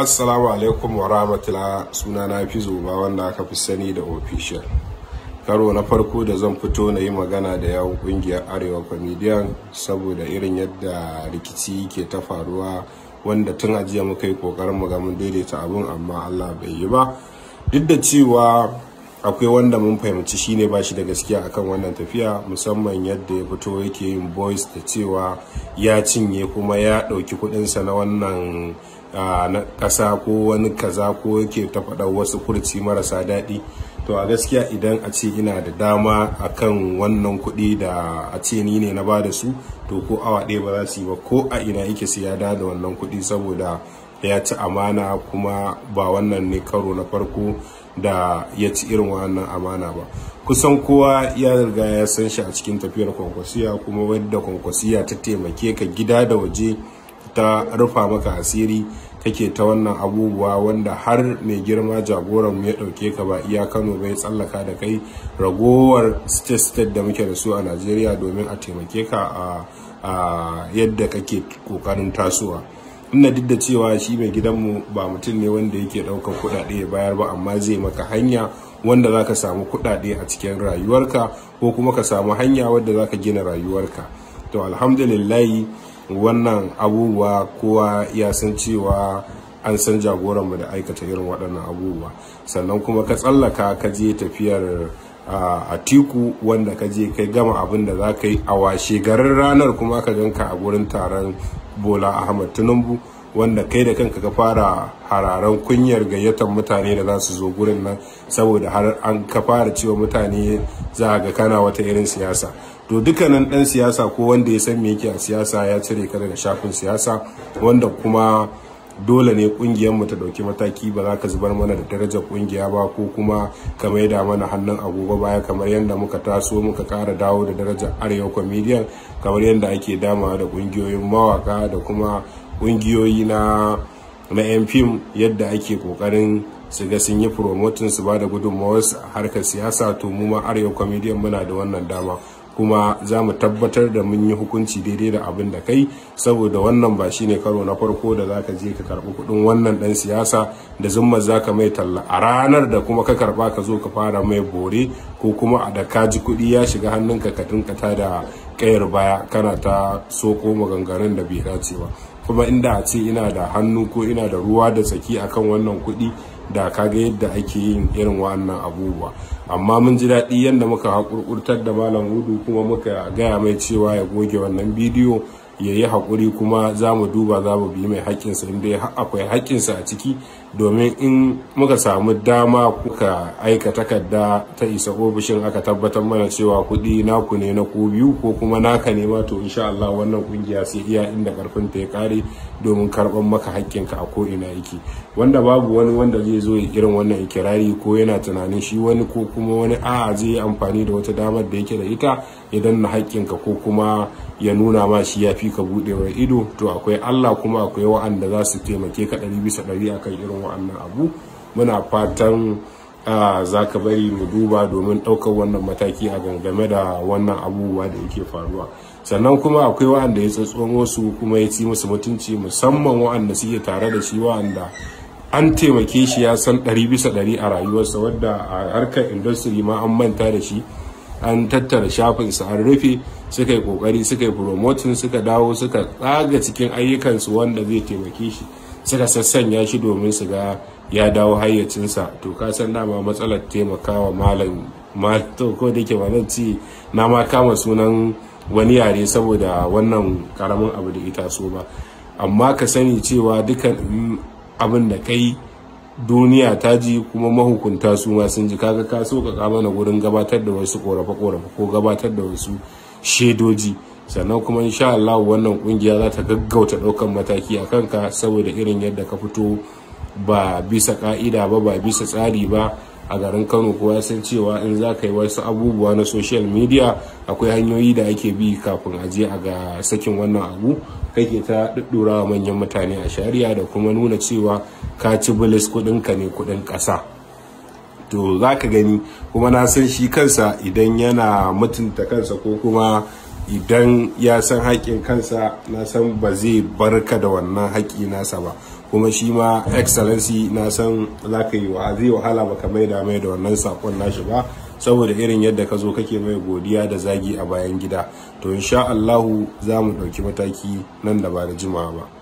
assalamu alaikum wa rahmatullah suna na fi zuba wanda aka fi sani da official karo na farko da zan fito na yi magana da yawon kungiyar arewa comedian saboda irin yadda rikici ke ta faruwa wanda tun ajiya muka yi kokarin mu ga mun daidaita abun amma allah bai yi ba duk da cewa akwai wanda mun fahimci shine ba shi da gaskiya akan wannan tafiya musamman yadda ya fito yake yin boys da cewa ya cinye kuma ya ɗauki kuɗinsa na wannan na ƙasa ko wani kaza ko yake ta faɗa wasu kurci marasa daɗi to a gaskiya idan a ce ina da dama akan wannan kuɗi da a ce ni ne na bada su to ko awa ɗaya ba za su yi ba ko a ina yake sai ya da wannan kuɗi saboda ya ci amana kuma ba wannan ne karo na farko da ya ci irin wannan amana ba kusan kowa ya riga ya san shi a cikin tafiyar kwankwasiya kuma wadda kwankwasiya ta taimake ka gida da waje ta rufa maka asiri kake ta wannan abubuwa wanda har mai girma jagoran mu ya dauke ka ba iya Kano bai tsallaka da kai ragowar state state da muke da su a Najeriya domin a taimake ka a yadda kake kokarin tasowa ina duk da cewa shi mai gidanmu ba mutum ne wanda yake ɗaukar kuɗaɗe ya bayar ba amma zai maka hanya wanda za ka samu kuɗaɗe a cikin rayuwarka ko kuma ka samu hanya wadda za ka gina rayuwarka to alhamdulillahi wannan abubuwa kowa ya san cewa an san jagoranmu da aikata irin waɗannan abubuwa sannan kuma ka tsallaka ka je tafiyar a tiku wanda ka je kai gama abin da za ka yi a washe garin ranar kuma ka ganka a gurin taron bola ahmad tinubu wanda kai da kanka ka fara hararen kunyar gayyatar mutane da za su zo gurin nan saboda har an ka fara cewa mutane za a ga kana wata irin siyasa to dukkanin dan siyasa ko wanda ya san me yake a siyasa ya cire ka daga shafin siyasa wanda kuma dole ne kungiyar mu ta dauki mataki ba za ka zubar mana da darajar kungiya ba ko kuma ka maida mana hannun agogo baya kamar yadda muka taso muka kara dawo da darajar arewa comedian kamar yadda ake damawa da kungiyoyin mawaka da kuma kungiyoyi na na yan fim yadda ake kokarin su ga sun yi promoting su ba da gudunmawar a harkar siyasa to mu ma arewa comedian muna da wannan dama kuma za mu tabbatar da mun yi hukunci daidai da abin da kai saboda wannan ba shine karo na farko da za ka je ka karɓi kuɗin wannan ɗan siyasa da zumma za ka mai talla a ranar da kuma ka karɓa ka zo ka fara mai bore ko kuma a da ka ji kuɗi ya shiga hannunka ka tunkata da ƙayar baya kana ta soko maganganun da bai dace ba kuma inda a ce ina da hannu ko ina da ruwa da tsaki akan wannan kuɗi da kaga yadda ake yin irin wannan abubuwa amma mun ji daɗi yadda muka haƙurƙurtar da malam hudu kuma muka gaya mai cewa ya goge wannan bidiyo ya yi haƙuri kuma za mu duba za mu bi mai haƙƙinsa in dai akwai haƙƙinsa a ciki domin in muka samu dama kuka aika takarda ta isa ofishin aka tabbatar mana cewa kuɗi naku ne na ku biyu ko kuma naka ne ma to insha Allah wannan kungiya sai iya inda karfin ta ya kare domin karɓar maka haƙƙinka a ko ina yake wanda babu wani wanda zai zo ya irin wannan ikirari ko yana tunanin shi wani ko kuma wani a'a zai yi amfani da wata damar da yake da ita ya danna haƙƙinka ko kuma ya nuna ma shi ya fi ka buɗewar ido to akwai Allah kuma akwai wa'anda za su taimake ka ɗari bisa ɗari akan irin wa'annan abu muna fatan za ka bari mu duba domin ɗaukar wannan mataki a gangame da wannan abubuwa da yake faruwa sannan kuma akwai wa'anda ya tsatsomo su kuma ya ci musu mutunci musamman wa'anda suke tare da shi wa'anda an taimake shi ya san ɗari bisa ɗari a rayuwarsa wadda a harkar industry ma an manta da shi an tattara shafin shafinsu an rufe suka yi kokari suka yi promoting suka dawo suka tsaga cikin ayyukansu wanda zai taimake shi suka sassanya shi domin su ga ya dawo hayyacinsa to ka san dama matsalar taimakawa malam ma to ko da ke malam ci na ma kama sunan wani yare saboda wannan karamin abu da ita so ba amma ka sani cewa dukan mm, abin da kai duniya ta ji kuma mahukunta su ma sun ji kaga ka kama mana gurin gabatar da wasu ƙorafe-ƙorafe ko gabatar da wasu shedoji sannan kuma insha Allah wannan kungiya za ta gaggauta ɗaukar mataki a kanka saboda irin yadda ka fito ba bisa ka'ida ba ba bisa tsari ba a garin Kano kowa san cewa in za ka yi wasu abubuwa na social media akwai hanyoyi da ake bi kafin a je a ga sakin wannan abu kake ta ɗuɗɗura manyan mutane a shari'a da kuma nuna cewa ka ci bilis kuɗinka ne kuɗin ƙasa to za ka gani kuma na san shi kansa idan yana mutunta kansa ko kuma idan ya san haƙƙin kansa na san ba zai bar ka da wannan haƙƙi nasa ba kuma shi ma excellency na san za ka yi wa zai wahala ba ka maida mai da wannan saƙon nashi ba saboda irin yadda ka zo kake mai godiya da zagi a bayan gida to insha Allahu za mu ɗauki mataki nan da ba da jimawa ba